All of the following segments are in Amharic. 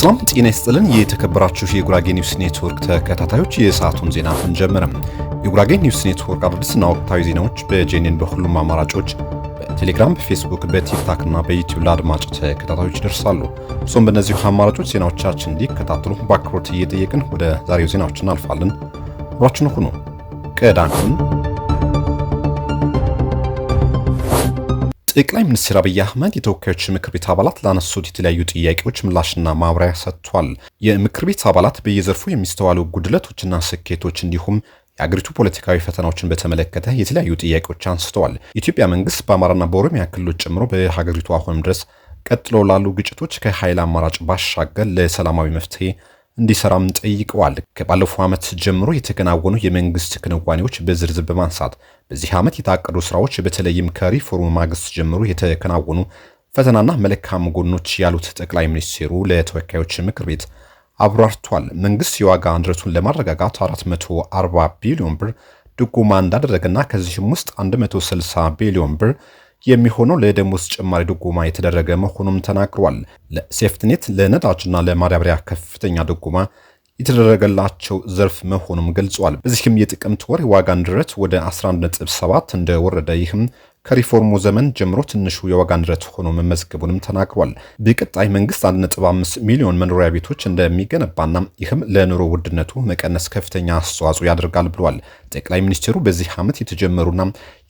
ሰላም ጤና ይስጥልን። የተከበራችሁ የጉራጌ ኒውስ ኔትወርክ ተከታታዮች የሰዓቱን ዜና እንጀምርም። የጉራጌ ኒውስ ኔትወርክ አዳዲስና ወቅታዊ ዜናዎች በጄኔን በሁሉም አማራጮች በቴሌግራም፣ በፌስቡክ፣ በቲክታክ እና በዩቲዩብ ለአድማጭ ተከታታዮች ይደርሳሉ። እሱም በእነዚሁ አማራጮች ዜናዎቻችን እንዲከታተሉ በአክብሮት እየጠየቅን ወደ ዛሬው ዜናዎች እናልፋለን። አብራችን ሁኑ። ቀዳሚውን ጠቅላይ ሚኒስትር አብይ አህመድ የተወካዮች ምክር ቤት አባላት ላነሱት የተለያዩ ጥያቄዎች ምላሽና ማብራሪያ ሰጥቷል። የምክር ቤት አባላት በየዘርፉ የሚስተዋሉ ጉድለቶችና ስኬቶች እንዲሁም የአገሪቱ ፖለቲካዊ ፈተናዎችን በተመለከተ የተለያዩ ጥያቄዎች አንስተዋል። የኢትዮጵያ መንግስት በአማራና በኦሮሚያ ክልሎች ጨምሮ በሀገሪቱ አሁንም ድረስ ቀጥሎ ላሉ ግጭቶች ከኃይል አማራጭ ባሻገር ለሰላማዊ መፍትሄ እንዲሰራም ጠይቀዋል። ከባለፈው ዓመት ጀምሮ የተከናወኑ የመንግስት ክንዋኔዎች በዝርዝር በማንሳት በዚህ ዓመት የታቀዱ ስራዎች በተለይም ከሪፎርም ማግስት ጀምሮ የተከናወኑ ፈተናና መልካም ጎኖች ያሉት ጠቅላይ ሚኒስትሩ ለተወካዮች ምክር ቤት አብራርቷል። መንግስት የዋጋ ንረቱን ለማረጋጋት 440 ቢሊዮን ብር ድጎማ እንዳደረገና ከዚህም ውስጥ 160 ቢሊዮን ብር የሚሆነው ለደሞዝ ጭማሪ ድጎማ የተደረገ መሆኑም ተናግሯል። ለሴፍትኔት ለነዳጅና ለማዳበሪያ ከፍተኛ ድጎማ የተደረገላቸው ዘርፍ መሆኑም ገልጿል። በዚህም የጥቅምት ወር የዋጋ ንረት ወደ 11.7 እንደወረደ ይህም ከሪፎርሙ ዘመን ጀምሮ ትንሹ የዋጋ ንረት ሆኖ መመዝገቡንም ተናግሯል። በቀጣይ መንግስት 1.5 ሚሊዮን መኖሪያ ቤቶች እንደሚገነባና ይህም ለኑሮ ውድነቱ መቀነስ ከፍተኛ አስተዋጽኦ ያደርጋል ብሏል። ጠቅላይ ሚኒስትሩ በዚህ ዓመት የተጀመሩና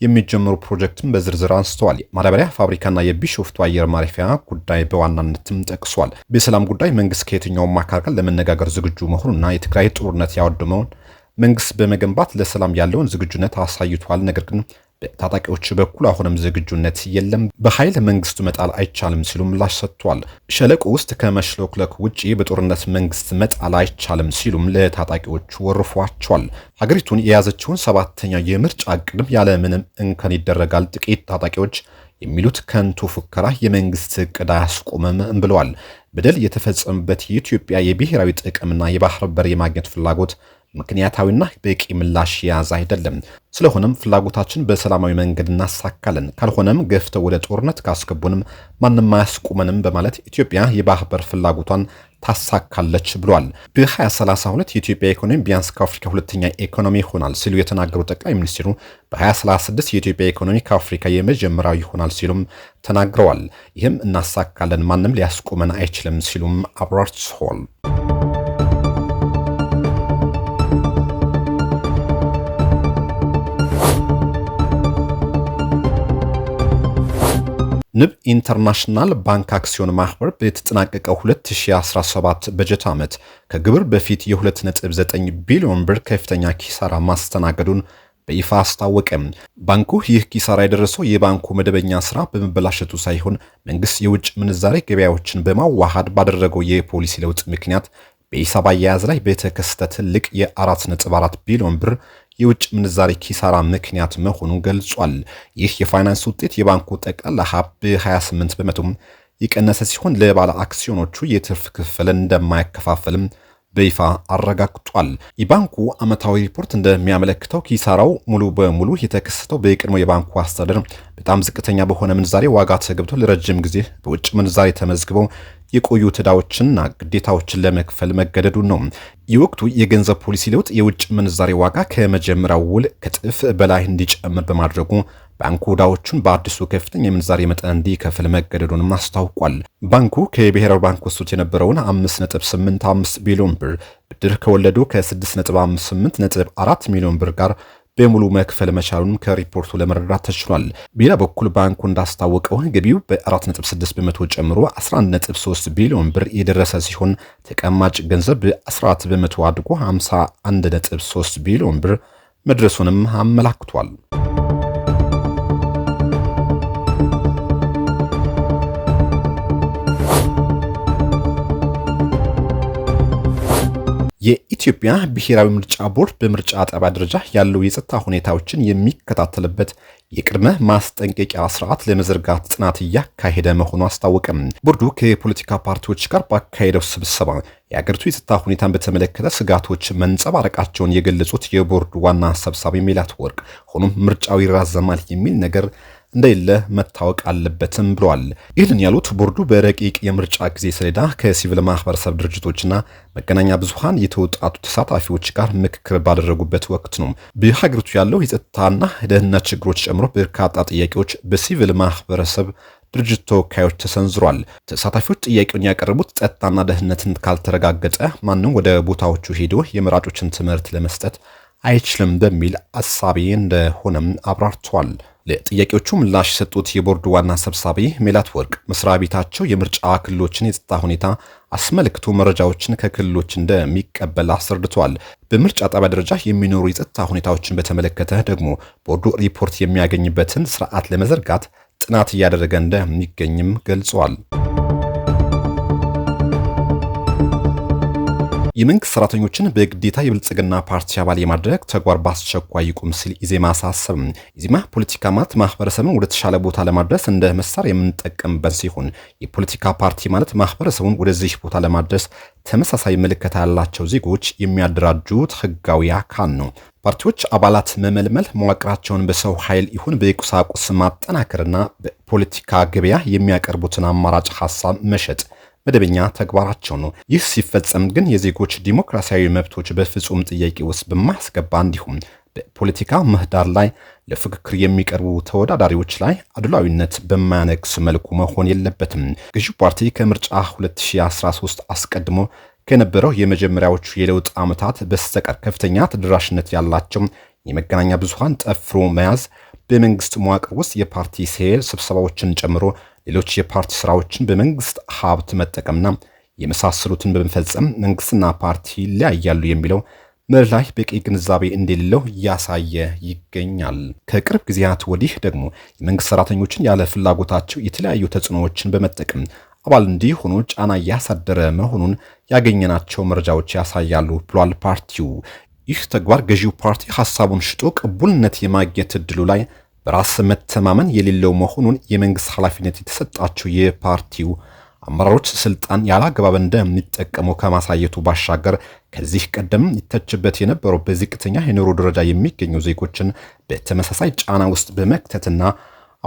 የሚጀምሩ ፕሮጀክትም በዝርዝር አንስተዋል። ማዳበሪያ ፋብሪካና የቢሾፍቱ አየር ማረፊያ ጉዳይ በዋናነትም ጠቅሷል። በሰላም ጉዳይ መንግስት ከየትኛውም አካል ጋር ለመነጋገር ዝግጁ መሆኑና የትግራይ ጦርነት ያወደመውን መንግስት በመገንባት ለሰላም ያለውን ዝግጁነት አሳይቷል። ነገር ግን በታጣቂዎች በኩል አሁንም ዝግጁነት የለም፣ በኃይል መንግስቱ መጣል አይቻልም ሲሉ ምላሽ ሰጥቷል። ሸለቆ ውስጥ ከመሽለክለክ ውጪ በጦርነት መንግስት መጣል አይቻልም ሲሉም ለታጣቂዎቹ ወርፏቸዋል። ሀገሪቱን የያዘችውን ሰባተኛ የምርጫ ዕቅድም ያለምንም እንከን ይደረጋል። ጥቂት ታጣቂዎች የሚሉት ከንቱ ፉከራ የመንግስት እቅድ አያስቆምም ብለዋል። በደል የተፈጸመበት የኢትዮጵያ የብሔራዊ ጥቅምና የባህር በር የማግኘት ፍላጎት ምክንያታዊና በቂ ምላሽ የያዘ አይደለም። ስለሆነም ፍላጎታችን በሰላማዊ መንገድ እናሳካለን፣ ካልሆነም ገፍተው ወደ ጦርነት ካስገቡንም ማንም አያስቁመንም በማለት ኢትዮጵያ የባህር በር ፍላጎቷን ታሳካለች ብሏል። በ2032 የኢትዮጵያ ኢኮኖሚ ቢያንስ ከአፍሪካ ሁለተኛ ኢኮኖሚ ይሆናል ሲሉ የተናገሩ ጠቅላይ ሚኒስትሩ በ2036 የኢትዮጵያ ኢኮኖሚ ከአፍሪካ የመጀመሪያው ይሆናል ሲሉም ተናግረዋል። ይህም እናሳካለን፣ ማንም ሊያስቆመን አይችልም ሲሉም አብራርተዋል። ንብ ኢንተርናሽናል ባንክ አክሲዮን ማህበር በተጠናቀቀው 2017 በጀት ዓመት ከግብር በፊት የ2.9 ቢሊዮን ብር ከፍተኛ ኪሳራ ማስተናገዱን በይፋ አስታወቀም። ባንኩ ይህ ኪሳራ የደረሰው የባንኩ መደበኛ ስራ በመበላሸቱ ሳይሆን መንግስት የውጭ ምንዛሬ ገበያዎችን በማዋሃድ ባደረገው የፖሊሲ ለውጥ ምክንያት በሂሳብ አያያዝ ላይ በተከሰተ ትልቅ የ4.4 ቢሊዮን ብር የውጭ ምንዛሪ ኪሳራ ምክንያት መሆኑን ገልጿል። ይህ የፋይናንስ ውጤት የባንኩ ጠቅላላ ሀብ 28 በመቶ የቀነሰ ሲሆን ለባለ አክሲዮኖቹ የትርፍ ክፍል እንደማይከፋፈልም በይፋ አረጋግጧል። የባንኩ ዓመታዊ ሪፖርት እንደሚያመለክተው ኪሳራው ሙሉ በሙሉ የተከሰተው በቀድሞ የባንኩ አስተዳደር በጣም ዝቅተኛ በሆነ ምንዛሬ ዋጋ ተገብቶ ለረጅም ጊዜ በውጭ ምንዛሬ ተመዝግበው የቆዩ ዕዳዎችንና ግዴታዎችን ለመክፈል መገደዱን ነው። የወቅቱ የገንዘብ ፖሊሲ ለውጥ የውጭ ምንዛሬ ዋጋ ከመጀመሪያው ውል ከጥፍ በላይ እንዲጨምር በማድረጉ ባንኩ ዕዳዎቹን በአዲሱ ከፍተኛ የምንዛሬ መጠን እንዲከፍል መገደዱንም አስታውቋል። ባንኩ ከብሔራዊ ባንክ ወስዶት የነበረውን 5.85 ቢሊዮን ብር ብድር ከወለዱ ከ6.584 ሚሊዮን ብር ጋር በሙሉ መክፈል መቻሉን ከሪፖርቱ ለመረዳት ተችሏል። በሌላ በኩል ባንኩ እንዳስታወቀው ገቢው በ4.6 በመቶ ጨምሮ 11.3 ቢሊዮን ብር የደረሰ ሲሆን ተቀማጭ ገንዘብ በ14 በመቶ አድጎ 51.3 ቢሊዮን ብር መድረሱንም አመላክቷል። የኢትዮጵያ ብሔራዊ ምርጫ ቦርድ በምርጫ ጣቢያ ደረጃ ያለው የጸጥታ ሁኔታዎችን የሚከታተልበት የቅድመ ማስጠንቀቂያ ስርዓት ለመዘርጋት ጥናት እያካሄደ መሆኑ አስታወቀም። ቦርዱ ከፖለቲካ ፓርቲዎች ጋር ባካሄደው ስብሰባ የአገሪቱ የጸጥታ ሁኔታን በተመለከተ ስጋቶች መንጸባረቃቸውን የገለጹት የቦርዱ ዋና ሰብሳቢ ሜላት ወርቅ ሆኖም ምርጫው ይራዘማል የሚል ነገር እንደሌለ መታወቅ አለበትም ብለዋል። ይህንን ያሉት ቦርዱ በረቂቅ የምርጫ ጊዜ ሰሌዳ ከሲቪል ማህበረሰብ ድርጅቶችና መገናኛ ብዙሃን የተውጣጡ ተሳታፊዎች ጋር ምክክር ባደረጉበት ወቅት ነው። በሀገሪቱ ያለው የጸጥታና ደህንነት ችግሮች ጨምሮ በርካታ ጥያቄዎች በሲቪል ማህበረሰብ ድርጅት ተወካዮች ተሰንዝሯል። ተሳታፊዎች ጥያቄውን ያቀረቡት ጸጥታና ደህንነትን ካልተረጋገጠ ማንም ወደ ቦታዎቹ ሄዶ የመራጮችን ትምህርት ለመስጠት አይችልም በሚል አሳቢ እንደሆነም አብራርቷል። ለጥያቄዎቹ ምላሽ የሰጡት የቦርድ ዋና ሰብሳቢ ሜላት ወርቅ መስሪያ ቤታቸው የምርጫ ክልሎችን የጸጥታ ሁኔታ አስመልክቶ መረጃዎችን ከክልሎች እንደሚቀበል አስረድቷል። በምርጫ ጣቢያ ደረጃ የሚኖሩ የጸጥታ ሁኔታዎችን በተመለከተ ደግሞ ቦርዱ ሪፖርት የሚያገኝበትን ስርዓት ለመዘርጋት ጥናት እያደረገ እንደሚገኝም ገልጿል። የመንግስት ሰራተኞችን በግዴታ የብልጽግና ፓርቲ አባል የማድረግ ተግባር በአስቸኳይ ይቁም ሲል ኢዜማ አሳሰብ። ኢዜማ ፖለቲካ ማለት ማህበረሰብን ወደ ተሻለ ቦታ ለማድረስ እንደ መሳሪያ የምንጠቀምበት ሲሆን የፖለቲካ ፓርቲ ማለት ማህበረሰቡን ወደዚህ ቦታ ለማድረስ ተመሳሳይ ምልከታ ያላቸው ዜጎች የሚያደራጁት ህጋዊ አካል ነው። ፓርቲዎች አባላት መመልመል መዋቅራቸውን በሰው ኃይል ይሁን በቁሳቁስ ማጠናከርና በፖለቲካ ገበያ የሚያቀርቡትን አማራጭ ሀሳብ መሸጥ መደበኛ ተግባራቸው ነው። ይህ ሲፈጸም ግን የዜጎች ዲሞክራሲያዊ መብቶች በፍጹም ጥያቄ ውስጥ በማያስገባ እንዲሁም በፖለቲካ ምህዳር ላይ ለፍክክር የሚቀርቡ ተወዳዳሪዎች ላይ አድላዊነት በማያነግስ መልኩ መሆን የለበትም። ገዢው ፓርቲ ከምርጫ 2013 አስቀድሞ ከነበረው የመጀመሪያዎቹ የለውጥ ዓመታት በስተቀር ከፍተኛ ተደራሽነት ያላቸው የመገናኛ ብዙሃን ጠፍሮ መያዝ በመንግስት መዋቅር ውስጥ የፓርቲ ሴል ስብሰባዎችን ጨምሮ ሌሎች የፓርቲ ስራዎችን በመንግስት ሀብት መጠቀምና የመሳሰሉትን በመፈጸም መንግስትና ፓርቲ ይለያያሉ የሚለው መርህ ላይ በቂ ግንዛቤ እንደሌለው እያሳየ ይገኛል። ከቅርብ ጊዜያት ወዲህ ደግሞ የመንግስት ሰራተኞችን ያለ ፍላጎታቸው የተለያዩ ተጽዕኖዎችን በመጠቀም አባል እንዲሆኑ ጫና እያሳደረ መሆኑን ያገኘናቸው መረጃዎች ያሳያሉ ብሏል ፓርቲው። ይህ ተግባር ገዢው ፓርቲ ሀሳቡን ሽጦ ቅቡልነት የማግኘት እድሉ ላይ በራስ መተማመን የሌለው መሆኑን የመንግስት ኃላፊነት የተሰጣቸው የፓርቲው አመራሮች ስልጣን ያላግባብ እንደሚጠቀሙ ከማሳየቱ ባሻገር ከዚህ ቀደም ይተችበት የነበረው በዝቅተኛ የኑሮ ደረጃ የሚገኙ ዜጎችን በተመሳሳይ ጫና ውስጥ በመክተትና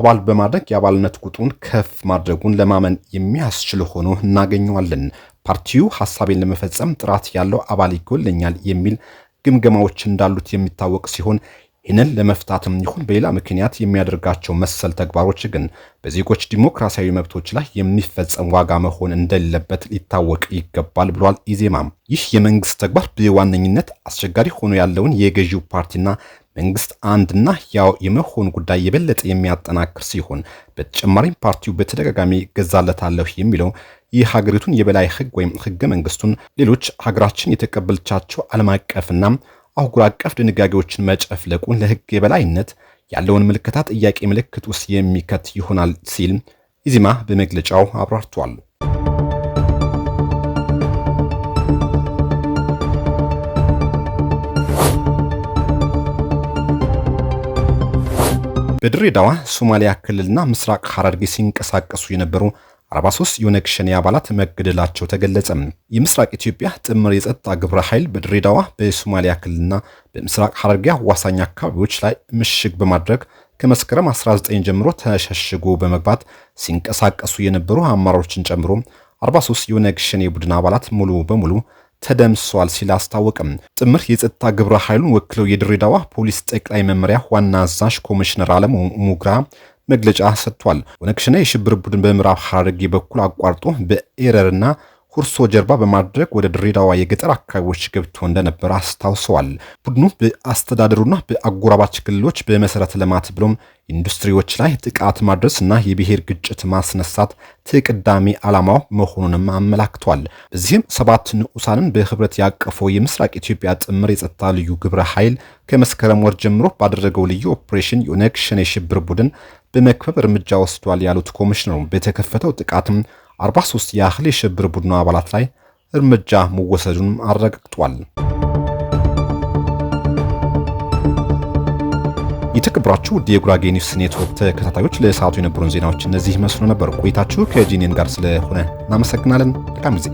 አባል በማድረግ የአባልነት ቁጥሩን ከፍ ማድረጉን ለማመን የሚያስችል ሆኖ እናገኘዋለን። ፓርቲው ሀሳቤን ለመፈጸም ጥራት ያለው አባል ይጎለኛል የሚል ግምገማዎች እንዳሉት የሚታወቅ ሲሆን ይህንን ለመፍታትም ይሁን በሌላ ምክንያት የሚያደርጋቸው መሰል ተግባሮች ግን በዜጎች ዲሞክራሲያዊ መብቶች ላይ የሚፈጸም ዋጋ መሆን እንደሌለበት ሊታወቅ ይገባል ብሏል ኢዜማም። ይህ የመንግስት ተግባር በዋነኝነት አስቸጋሪ ሆኖ ያለውን የገዢው ፓርቲና መንግስት አንድና ያው የመሆን ጉዳይ የበለጠ የሚያጠናክር ሲሆን በተጨማሪም ፓርቲው በተደጋጋሚ ገዛለታለሁ የሚለው ሀገሪቱን የበላይ ህግ ወይም ህገ መንግስቱን ሌሎች ሀገራችን የተቀበለቻቸው ዓለም አቀፍና አህጉር አቀፍ ድንጋጌዎችን መጨፍለቁን ለህግ የበላይነት ያለውን ምልከታ ጥያቄ ምልክት ውስጥ የሚከት ይሆናል ሲል ኢዜማ በመግለጫው አብራርቷል። በድሬዳዋ ሶማሊያ ክልልና ምስራቅ ሐረርጌ ሲንቀሳቀሱ የነበሩ 43 የኦነግ ሸኔ አባላት መገደላቸው ተገለጸ። የምስራቅ ኢትዮጵያ ጥምር የጸጥታ ግብረ ኃይል በድሬዳዋ በሶማሊያ ክልልና በምስራቅ ሐረርጌ አዋሳኝ አካባቢዎች ላይ ምሽግ በማድረግ ከመስከረም 19 ጀምሮ ተሸሽጎ በመግባት ሲንቀሳቀሱ የነበሩ አመራሮችን ጨምሮ 43 የኦነግ ሸኔ ቡድን አባላት ሙሉ በሙሉ ተደምሷል ሲል አስታወቀም። ጥምር የጸጥታ ግብረ ኃይሉን ወክለው የድሬዳዋ ፖሊስ ጠቅላይ መመሪያ ዋና አዛዥ ኮሚሽነር አለም ሙግራ መግለጫ ሰጥቷል። ኦነግ ሸኔ የሽብር ቡድን በምዕራብ ሐረርጌ በኩል አቋርጦ በኤረርና ሁርሶ ጀርባ በማድረግ ወደ ድሬዳዋ የገጠር አካባቢዎች ገብቶ እንደነበር አስታውሰዋል። ቡድኑ በአስተዳደሩና በአጎራባች ክልሎች በመሰረተ ልማት ብሎም ኢንዱስትሪዎች ላይ ጥቃት ማድረስ እና የብሔር ግጭት ማስነሳት ተቀዳሚ ዓላማው መሆኑንም አመላክቷል። በዚህም ሰባት ንዑሳንን በህብረት ያቀፈው የምስራቅ ኢትዮጵያ ጥምር የጸጥታ ልዩ ግብረ ኃይል ከመስከረም ወር ጀምሮ ባደረገው ልዩ ኦፕሬሽን የኦነግ ሸኔ ሽብር ቡድን በመክበብ እርምጃ ወስዷል ያሉት ኮሚሽነሩ በተከፈተው ጥቃትም 43 ያህል የሽብር ቡድኑ አባላት ላይ እርምጃ መወሰዱንም አረጋግጧል። የተከበራችሁ ውድ የጉራጌ ኒውስ ኔትወርክ ተከታታዮች ለሰዓቱ የነበሩን ዜናዎች እነዚህ መስሎ ነበር። ቆይታችሁ ከጂኒን ጋር ስለሆነ እናመሰግናለን። መልካም ጊዜ